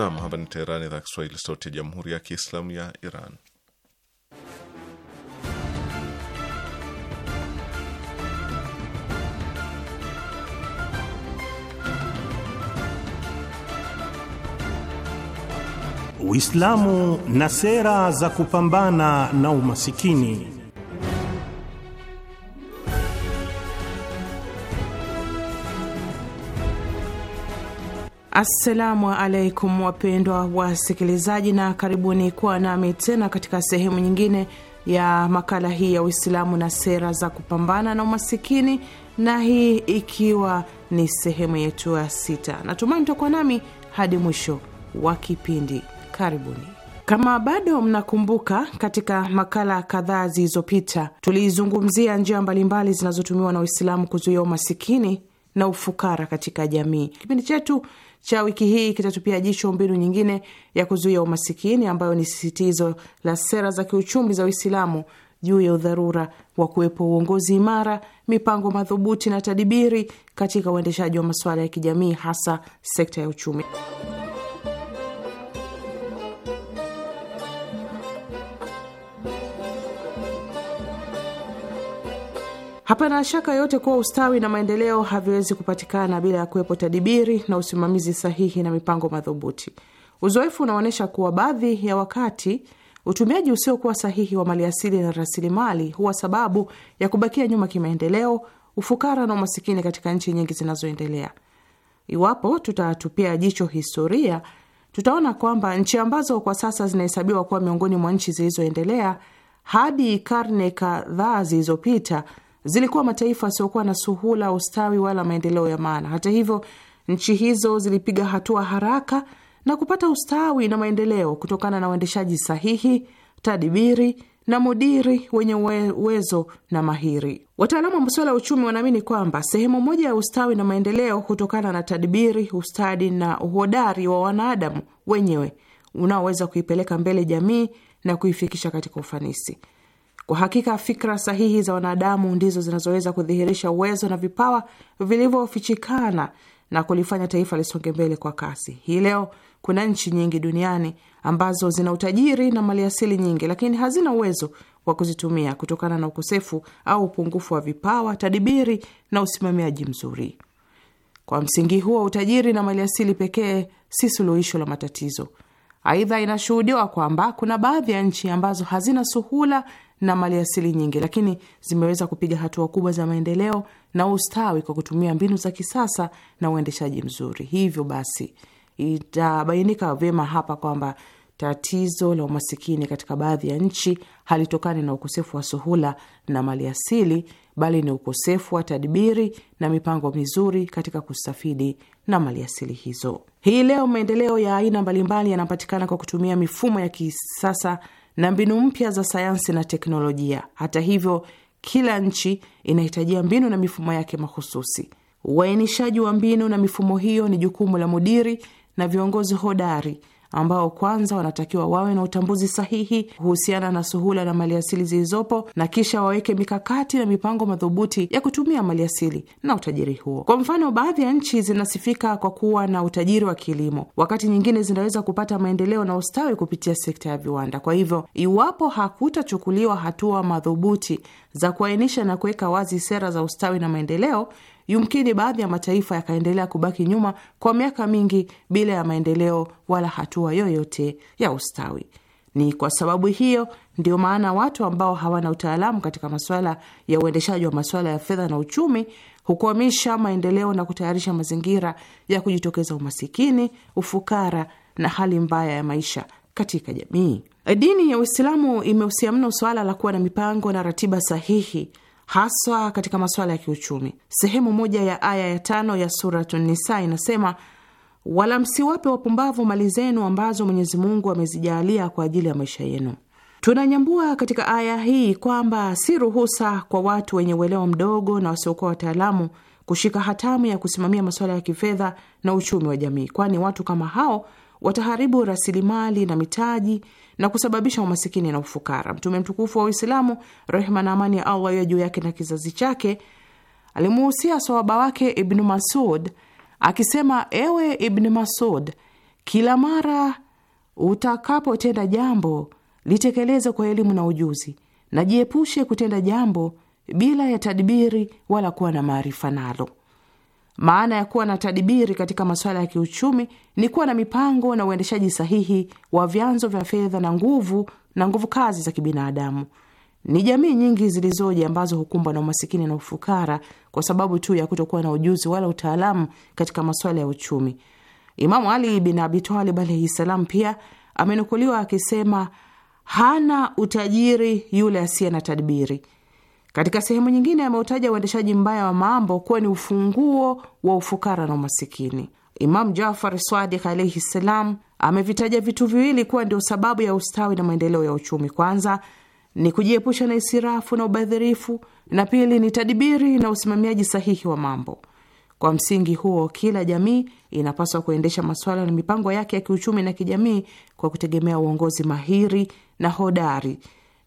Naam, hapa ni Teherani, idhaa Kiswahili, sauti ya jamhuri ya kiislamu ya Iran. Uislamu na sera za kupambana na umasikini. Assalamu alaikum wapendwa wasikilizaji, na karibuni kuwa nami tena katika sehemu nyingine ya makala hii ya Uislamu na sera za kupambana na umasikini, na hii ikiwa ni sehemu yetu ya sita. Natumai mtakuwa nami hadi mwisho wa kipindi. Karibuni. Kama bado mnakumbuka, katika makala kadhaa zilizopita tulizungumzia njia mbalimbali zinazotumiwa na Uislamu kuzuia umasikini na ufukara katika jamii. Kipindi chetu cha wiki hii kitatupia jicho mbinu nyingine ya kuzuia umasikini ambayo ni sisitizo la sera za kiuchumi za Uislamu juu ya udharura wa kuwepo uongozi imara, mipango madhubuti na tadibiri katika uendeshaji wa masuala ya kijamii, hasa sekta ya uchumi. Hapana shaka yote kuwa ustawi na maendeleo haviwezi kupatikana bila ya kuwepo tadibiri na usimamizi sahihi na mipango madhubuti. Uzoefu unaonyesha kuwa baadhi ya wakati utumiaji usiokuwa sahihi wa maliasili na rasilimali huwa sababu ya kubakia nyuma kimaendeleo, ufukara na umasikini katika nchi nyingi zinazoendelea. Iwapo tutatupia jicho historia, tutaona kwamba nchi ambazo kwa sasa zinahesabiwa kuwa miongoni mwa nchi zilizoendelea hadi karne kadhaa zilizopita zilikuwa mataifa yasiokuwa na suhula, ustawi wala maendeleo ya maana. Hata hivyo, nchi hizo zilipiga hatua haraka na kupata ustawi na maendeleo kutokana na uendeshaji sahihi, tadibiri na mudiri wenye uwezo na mahiri. Wataalamu wa masuala ya uchumi wanaamini kwamba sehemu moja ya ustawi na maendeleo hutokana na tadibiri, ustadi na uhodari wa wanadamu wenyewe unaoweza kuipeleka mbele jamii na kuifikisha katika ufanisi. Kwa hakika fikra sahihi za wanadamu ndizo zinazoweza kudhihirisha uwezo na vipawa vilivyofichikana na kulifanya taifa lisonge mbele kwa kasi. Hii leo kuna nchi nyingi duniani ambazo zina utajiri na maliasili nyingi, lakini hazina uwezo wa kuzitumia kutokana na ukosefu au upungufu wa vipawa, tadibiri na usimamiaji mzuri. Kwa msingi huo, utajiri na maliasili pekee si suluhisho la matatizo. Aidha, inashuhudiwa kwamba kuna baadhi ya nchi ambazo hazina suhula na maliasili nyingi, lakini zimeweza kupiga hatua kubwa za maendeleo na ustawi kwa kutumia mbinu za kisasa na uendeshaji mzuri. Hivyo basi, itabainika vyema hapa kwamba tatizo la umasikini katika baadhi ya nchi halitokani na ukosefu wa suhula na maliasili, bali ni ukosefu wa tadbiri na mipango mizuri katika kustafidi na maliasili hizo. Hii leo maendeleo ya aina mbalimbali yanapatikana kwa kutumia mifumo ya kisasa na mbinu mpya za sayansi na teknolojia. Hata hivyo, kila nchi inahitajia mbinu na mifumo yake mahususi. Uainishaji wa mbinu na mifumo hiyo ni jukumu la mudiri na viongozi hodari ambao kwanza wanatakiwa wawe na utambuzi sahihi kuhusiana na suhula na maliasili zilizopo na kisha waweke mikakati na mipango madhubuti ya kutumia maliasili na utajiri huo. Kwa mfano, baadhi ya nchi zinasifika kwa kuwa na utajiri wa kilimo, wakati nyingine zinaweza kupata maendeleo na ustawi kupitia sekta ya viwanda. Kwa hivyo, iwapo hakutachukuliwa hatua madhubuti za kuainisha na kuweka wazi sera za ustawi na maendeleo Yumkini baadhi ya mataifa yakaendelea kubaki nyuma kwa miaka mingi bila ya maendeleo wala hatua yoyote ya ustawi. Ni kwa sababu hiyo ndio maana watu ambao hawana utaalamu katika masuala ya uendeshaji wa masuala ya fedha na uchumi hukwamisha maendeleo na kutayarisha mazingira ya kujitokeza umasikini, ufukara na hali mbaya ya maisha katika jamii. Dini ya Uislamu imehusia mno suala la kuwa na mipango na ratiba sahihi haswa katika masuala ya kiuchumi. Sehemu moja ya aya ya tano ya Suratu Nisa inasema wala msiwape wapumbavu mali zenu ambazo Mwenyezi Mungu amezijaalia kwa ajili ya maisha yenu. Tunanyambua katika aya hii kwamba si ruhusa kwa watu wenye uelewa mdogo na wasiokuwa wataalamu kushika hatamu ya kusimamia masuala ya kifedha na uchumi wa jamii, kwani watu kama hao wataharibu rasilimali na mitaji na kusababisha umasikini na ufukara. Mtume mtukufu wa Uislamu, rehma na amani ya Allah iwe juu yake na kizazi chake, alimuhusia sawaba wake Ibnu Masud akisema: ewe Ibnu Masud, kila mara utakapotenda jambo litekeleze kwa elimu na ujuzi, na jiepushe kutenda jambo bila ya tadbiri wala kuwa na maarifa nalo. Maana ya kuwa na tadibiri katika masuala ya kiuchumi ni kuwa na mipango na uendeshaji sahihi wa vyanzo vya fedha na nguvu na nguvu kazi za kibinadamu. Ni jamii nyingi zilizoje ambazo hukumbwa na umasikini na ufukara kwa sababu tu ya kutokuwa na ujuzi wala utaalamu katika masuala ya uchumi. Imamu Ali bin Abi Talib alaihi salam pia amenukuliwa akisema, hana utajiri yule asiye na tadibiri katika sehemu nyingine ameutaja uendeshaji mbaya wa mambo kuwa ni ufunguo wa ufukara na umasikini. Imam Jafar Swadik alaihi ssalam amevitaja vitu viwili kuwa ndio sababu ya ustawi na maendeleo ya uchumi. Kwanza ni kujiepusha na isirafu na ubadhirifu, na pili ni tadibiri na usimamiaji sahihi wa mambo. Kwa msingi huo, kila jamii inapaswa kuendesha masuala na mipango yake ya kiuchumi na kijamii kwa kutegemea uongozi mahiri na hodari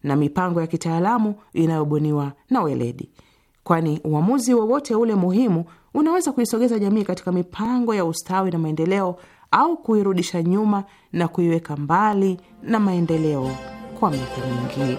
na mipango ya kitaalamu inayobuniwa na weledi, kwani uamuzi wowote ule muhimu unaweza kuisogeza jamii katika mipango ya ustawi na maendeleo au kuirudisha nyuma na kuiweka mbali na maendeleo kwa miaka mingi.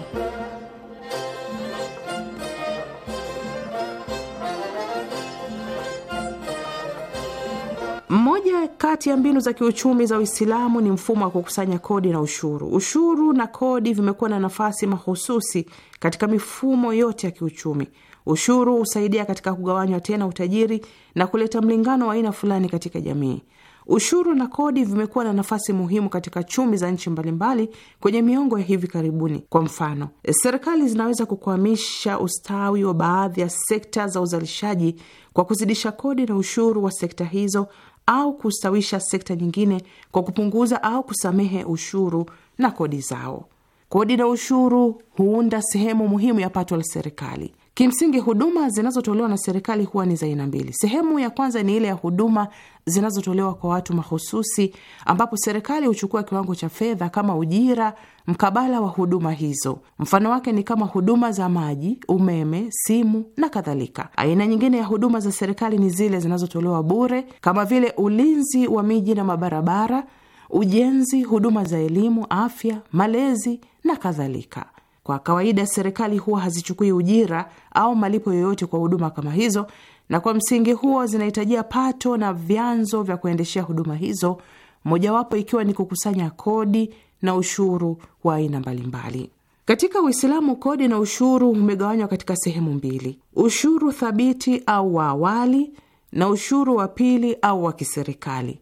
moja kati ya mbinu za kiuchumi za Uislamu ni mfumo wa kukusanya kodi na ushuru. Ushuru na kodi vimekuwa na nafasi mahususi katika mifumo yote ya kiuchumi. Ushuru husaidia katika kugawanywa tena utajiri na kuleta mlingano wa aina fulani katika jamii. Ushuru na kodi vimekuwa na nafasi muhimu katika chumi za nchi mbalimbali kwenye miongo ya hivi karibuni. Kwa mfano, serikali zinaweza kukwamisha ustawi wa baadhi ya sekta za uzalishaji kwa kuzidisha kodi na ushuru wa sekta hizo au kustawisha sekta nyingine kwa kupunguza au kusamehe ushuru na kodi zao. Kodi na ushuru huunda sehemu muhimu ya pato la serikali. Kimsingi, huduma zinazotolewa na serikali huwa ni za aina mbili. Sehemu ya kwanza ni ile ya huduma zinazotolewa kwa watu mahususi, ambapo serikali huchukua kiwango cha fedha kama ujira mkabala wa huduma hizo. Mfano wake ni kama huduma za maji, umeme, simu na kadhalika. Aina nyingine ya huduma za serikali ni zile zinazotolewa bure kama vile ulinzi wa miji na mabarabara, ujenzi, huduma za elimu, afya, malezi na kadhalika. Kwa kawaida serikali huwa hazichukui ujira au malipo yoyote kwa huduma kama hizo, na kwa msingi huo zinahitajia pato na vyanzo vya kuendeshea huduma hizo, mojawapo ikiwa ni kukusanya kodi na ushuru wa aina mbalimbali. Katika Uislamu, kodi na ushuru umegawanywa katika sehemu mbili: ushuru thabiti au wa awali na ushuru wa pili au wa kiserikali.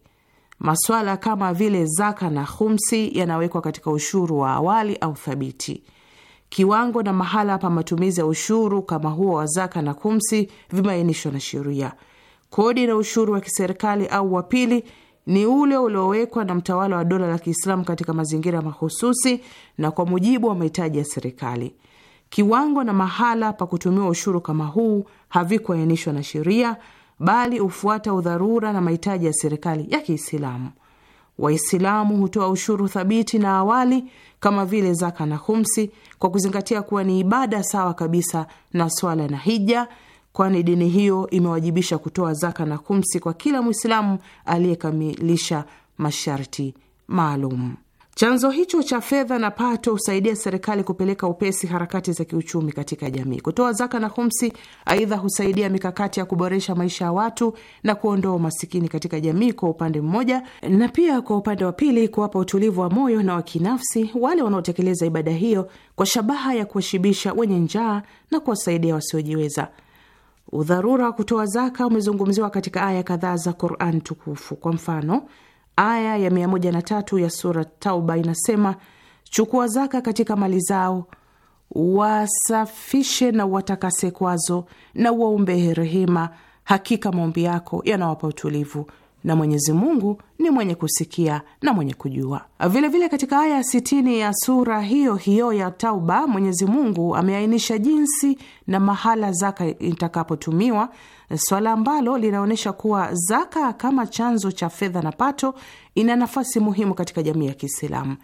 Maswala kama vile zaka na khumsi yanawekwa katika ushuru wa awali au thabiti. Kiwango na mahala pa matumizi ya ushuru kama huo wa zaka na kumsi vimeainishwa na sheria. Kodi na ushuru wa kiserikali au wa pili ni ule uliowekwa na mtawala wa dola la Kiislamu katika mazingira mahususi na kwa mujibu wa mahitaji ya serikali. Kiwango na mahala pa kutumiwa ushuru kama huu havikuainishwa na sheria, bali hufuata udharura na mahitaji ya serikali ya Kiislamu. Waislamu hutoa ushuru thabiti na awali kama vile zaka na humsi, kwa kuzingatia kuwa ni ibada sawa kabisa na swala na hija, kwani dini hiyo imewajibisha kutoa zaka na humsi kwa kila Mwislamu aliyekamilisha masharti maalum. Chanzo hicho cha fedha na pato husaidia serikali kupeleka upesi harakati za kiuchumi katika jamii, kutoa zaka na humsi. Aidha, husaidia mikakati ya kuboresha maisha ya watu na kuondoa umasikini katika jamii kwa upande mmoja, na pia kwa upande wa pili kuwapa utulivu wa moyo na wa kinafsi wale wanaotekeleza ibada hiyo kwa shabaha ya kuwashibisha wenye njaa na kuwasaidia wasiojiweza. Udharura wa kutoa zaka umezungumziwa katika aya kadhaa za Quran tukufu. Kwa mfano Aya ya tatu ya sura Tauba inasema, chukua zaka katika mali zao, wasafishe na watakase kwazo, na waombe rehema. Hakika maombi yako yanawapa utulivu, na Mwenyezi Mungu ni mwenye kusikia na mwenye kujua. Vilevile vile katika aya ya sitini ya sura hiyo hiyo ya Tauba, Mwenyezi Mungu ameainisha jinsi na mahala zaka itakapotumiwa swala ambalo linaonyesha kuwa zaka kama chanzo cha fedha na pato ina nafasi muhimu katika jamii ya Kiislamu.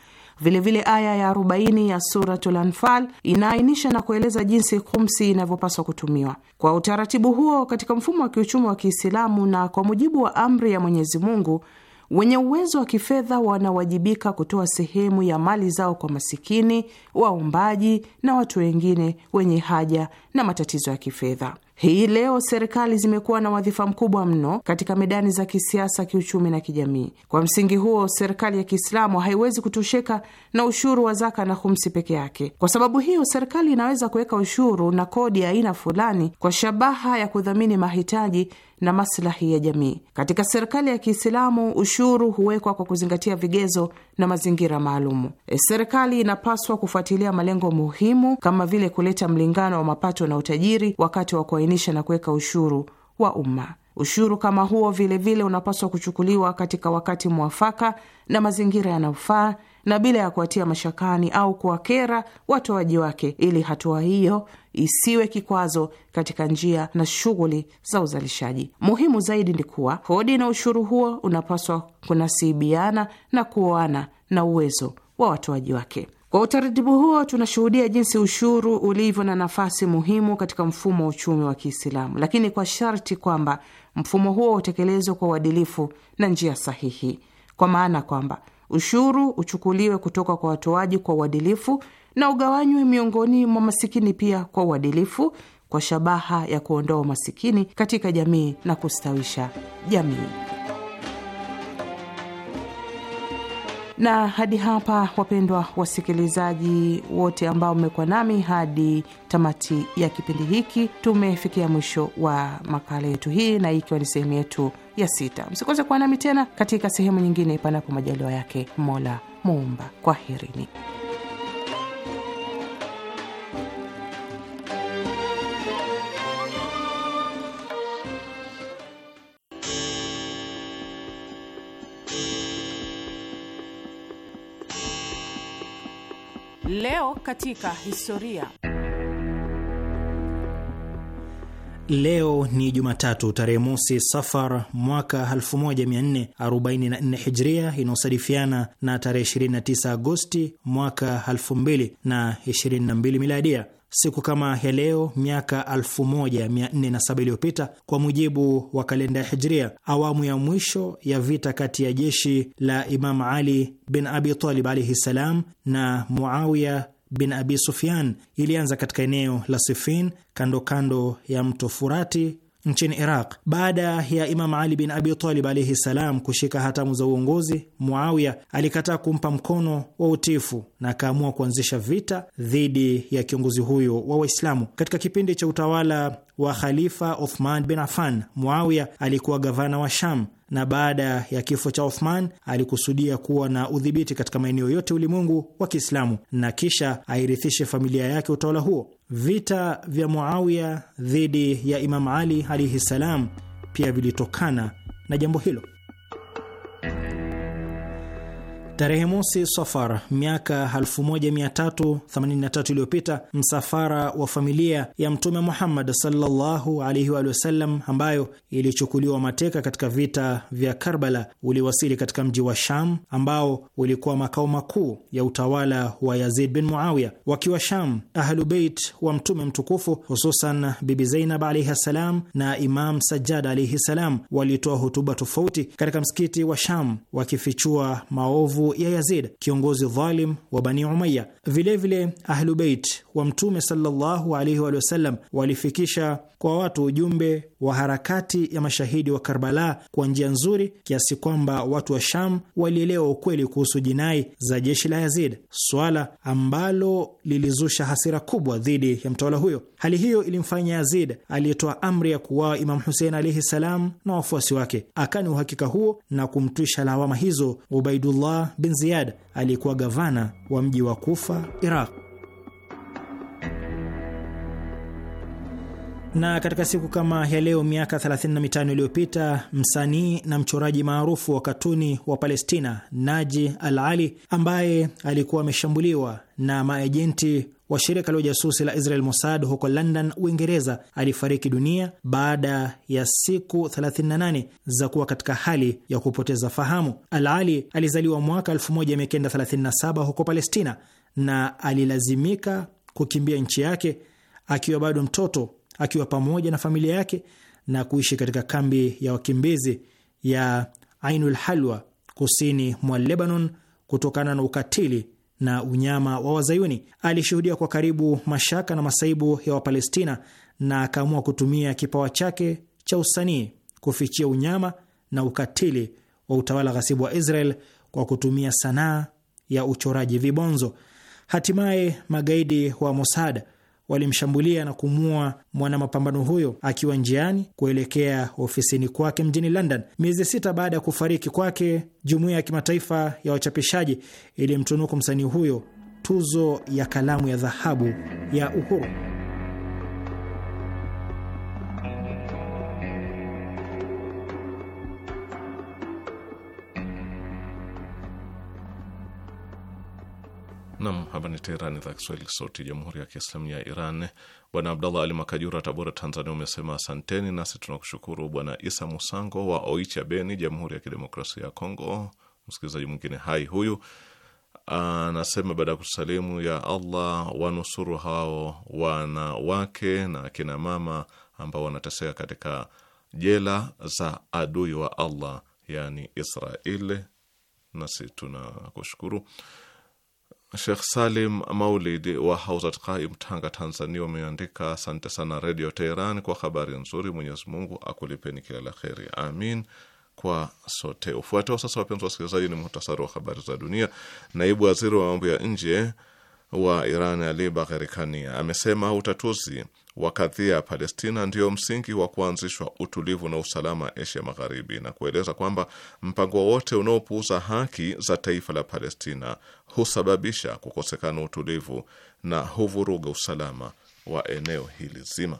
Vilevile, aya ya 40 ya Suratul Anfal inaainisha na kueleza jinsi khumsi inavyopaswa kutumiwa kwa utaratibu huo katika mfumo wa kiuchumi wa Kiislamu, na kwa mujibu wa amri ya Mwenyezi Mungu, wenye uwezo wa kifedha wanawajibika kutoa sehemu ya mali zao kwa masikini, waombaji na watu wengine wenye haja na matatizo ya kifedha. Hii leo serikali zimekuwa na wadhifa mkubwa mno katika medani za kisiasa, kiuchumi na kijamii. Kwa msingi huo, serikali ya Kiislamu haiwezi kutosheka na ushuru wa zaka na humsi peke yake. Kwa sababu hiyo, serikali inaweza kuweka ushuru na kodi ya aina fulani kwa shabaha ya kudhamini mahitaji na maslahi ya jamii. Katika serikali ya Kiislamu, ushuru huwekwa kwa kuzingatia vigezo na mazingira maalumu. E, serikali inapaswa kufuatilia malengo muhimu kama vile kuleta mlingano wa mapato na utajiri wakati wa kubainisha na kuweka ushuru wa umma. Ushuru kama huo vilevile vile unapaswa kuchukuliwa katika wakati mwafaka na mazingira yanayofaa na bila ya kuwatia mashakani au kuwakera watoaji wake, ili hatua hiyo isiwe kikwazo katika njia na shughuli za uzalishaji. Muhimu zaidi ni kuwa kodi na ushuru huo unapaswa kunasibiana na kuoana na uwezo wa watoaji wake. Kwa utaratibu huo tunashuhudia jinsi ushuru ulivyo na nafasi muhimu katika mfumo wa uchumi wa Kiislamu, lakini kwa sharti kwamba mfumo huo utekelezwe kwa uadilifu na njia sahihi, kwa maana kwamba ushuru uchukuliwe kutoka kwa watoaji kwa uadilifu na ugawanywe miongoni mwa masikini pia kwa uadilifu, kwa shabaha ya kuondoa umasikini katika jamii na kustawisha jamii. Na hadi hapa, wapendwa wasikilizaji wote ambao mmekuwa nami hadi tamati ya kipindi hiki, tumefikia mwisho wa makala yetu hii, na ikiwa ni sehemu yetu ya sita. Msikose kuwa nami tena katika sehemu nyingine, panapo majaliwa yake Mola Muumba. Kwaherini. Leo katika historia. Leo ni Jumatatu tarehe mosi Safar mwaka 1444 Hijria, inayosadifiana na tarehe 29 Agosti mwaka 2022 Miladia siku kama ya leo miaka 1407 iliyopita kwa mujibu wa kalenda ya Hijria, awamu ya mwisho ya vita kati ya jeshi la Imam Ali bin Abi Talib alaihi ssalam na Muawiya bin Abi Sufyan ilianza katika eneo la Sifin kando kando ya mto Furati nchini Iraq. Baada ya Imam Ali bin Abi Talib alaihi salam kushika hatamu za uongozi, Muawiya alikataa kumpa mkono wa utifu na akaamua kuanzisha vita dhidi ya kiongozi huyo wa Waislamu. Katika kipindi cha utawala wa Khalifa Othman bin Affan, Muawiya alikuwa gavana wa Sham na baada ya kifo cha Othman alikusudia kuwa na udhibiti katika maeneo yote ulimwengu wa Kiislamu na kisha airithishe familia yake utawala huo. Vita vya Muawiya dhidi ya Imam Ali alaihi salam pia vilitokana na jambo hilo. Tarehe mosi Safar miaka 1383 iliyopita, msafara wa familia ya Mtume Muhammad sallallahu alaihi wa sallam, ambayo ilichukuliwa mateka katika vita vya Karbala, uliwasili katika mji wa Sham ambao ulikuwa makao makuu ya utawala wa Yazid bin Muawiya. Wakiwa Sham, Ahlubeit wa Mtume mtukufu, hususan Bibi Zainab alaihi ssalam na Imam Sajjad alaihi ssalam, walitoa hutuba tofauti katika msikiti wa Sham wakifichua maovu ya Yazid, kiongozi dhalim wa Bani Umayya. Vilevile Ahlubeit wa Mtume sallallahu alaihi wa sallam walifikisha kwa watu ujumbe wa harakati ya mashahidi wa Karbala kwa njia nzuri kiasi kwamba watu wa Sham walielewa ukweli kuhusu jinai za jeshi la Yazid, swala ambalo lilizusha hasira kubwa dhidi ya mtawala huyo. Hali hiyo ilimfanya Yazid aliyetoa amri ya kuuawa Imamu Husein alaihi salam na wafuasi wake akani uhakika huo na kumtwisha lawama hizo Ubaidullah bin Ziyad aliyekuwa gavana wa mji wa Kufa, Iraq. na katika siku kama ya leo miaka 35 iliyopita msanii na mchoraji maarufu wa katuni wa Palestina Naji Al Ali ambaye alikuwa ameshambuliwa na maejenti wa shirika la ujasusi la Israel Mossad huko London, Uingereza alifariki dunia baada ya siku 38 za kuwa katika hali ya kupoteza fahamu. Al Ali alizaliwa mwaka 1937 huko Palestina na alilazimika kukimbia nchi yake akiwa bado mtoto, akiwa pamoja na familia yake na kuishi katika kambi ya wakimbizi ya Ainul Halwa kusini mwa Lebanon kutokana na ukatili na unyama wa Wazayuni. Alishuhudia kwa karibu mashaka na masaibu ya Wapalestina na akaamua kutumia kipawa chake cha usanii kufichia unyama na ukatili wa utawala ghasibu wa Israel kwa kutumia sanaa ya uchoraji vibonzo. Hatimaye magaidi wa Mossad walimshambulia na kumua mwanamapambano huyo akiwa njiani kuelekea ofisini kwake mjini London. Miezi sita baada ya kufariki kwake, jumuiya ya kimataifa ya wachapishaji ilimtunuku msanii huyo tuzo ya kalamu ya dhahabu ya uhuru. Nam, hapa ni Teherani, idhaa Kiswahili, sauti ya jamhuri ya kiislamu ya Iran. Bwana Abdallah Ali Makajura, Tabora, Tanzania, umesema asanteni, nasi tunakushukuru. Bwana Isa Musango wa Oicha Beni, jamhuri ya kidemokrasia ya Kongo, msikilizaji mwingine hai huyu anasema baada ya kusalimu, ya Allah wanusuru hao wanawake na akina mama ambao wanateseka katika jela za adui wa Allah, yani Israeli. Nasi tunakushukuru. Shekh Salim Maulid wa hausat Qaim, Tanga, Tanzania, wameandika asante sana Redio Teheran kwa habari nzuri. Mwenyezi Mungu akulipeni kila la kheri, amin kwa sote. Ufuatao sasa, wapenzi wasikilizaji, ni muhtasari wa habari za dunia. Naibu waziri wa mambo ya nje wa Iran Ali Bagherikani amesema utatuzi wa kadhia Palestina ndiyo msingi wa kuanzishwa utulivu na usalama Asia Magharibi, na kueleza kwamba mpango wowote unaopuuza haki za taifa la Palestina husababisha kukosekana utulivu na huvuruga usalama wa eneo hili zima.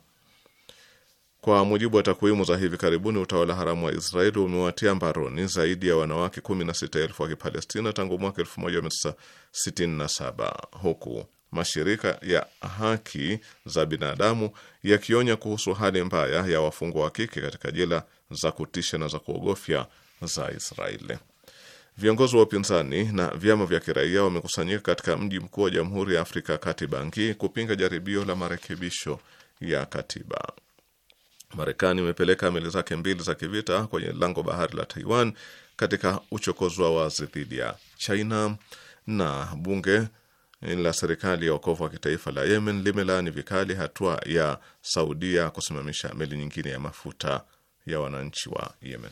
Kwa mujibu wa takwimu za hivi karibuni, utawala haramu wa Israeli umewatia mbaroni zaidi ya wanawake 16,000 wa Kipalestina tangu mwaka 1967 huku mashirika ya haki za binadamu yakionya kuhusu hali mbaya ya wafungwa wa kike katika jela za kutisha na za kuogofya za Israeli. Viongozi wa upinzani na vyama vya kiraia wamekusanyika katika mji mkuu wa Jamhuri ya Afrika Kati, Bangi, kupinga jaribio la marekebisho ya katiba. Marekani imepeleka meli zake mbili za kivita kwenye lango bahari la Taiwan katika uchokozi wa wazi dhidi ya China na bunge la serikali ya wokovu wa kitaifa la Yemen limelaani vikali hatua ya Saudia kusimamisha meli nyingine ya mafuta ya wananchi wa Yemen.